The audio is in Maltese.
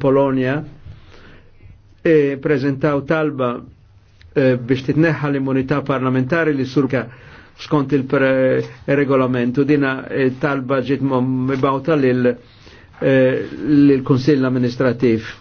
Polonia e prezentaw talba e, biex titneħħa l-immunità parlamentari li surka skont il-regolamentu dina e, talba ġiet mibawta lil-Konsill e, amministrativ.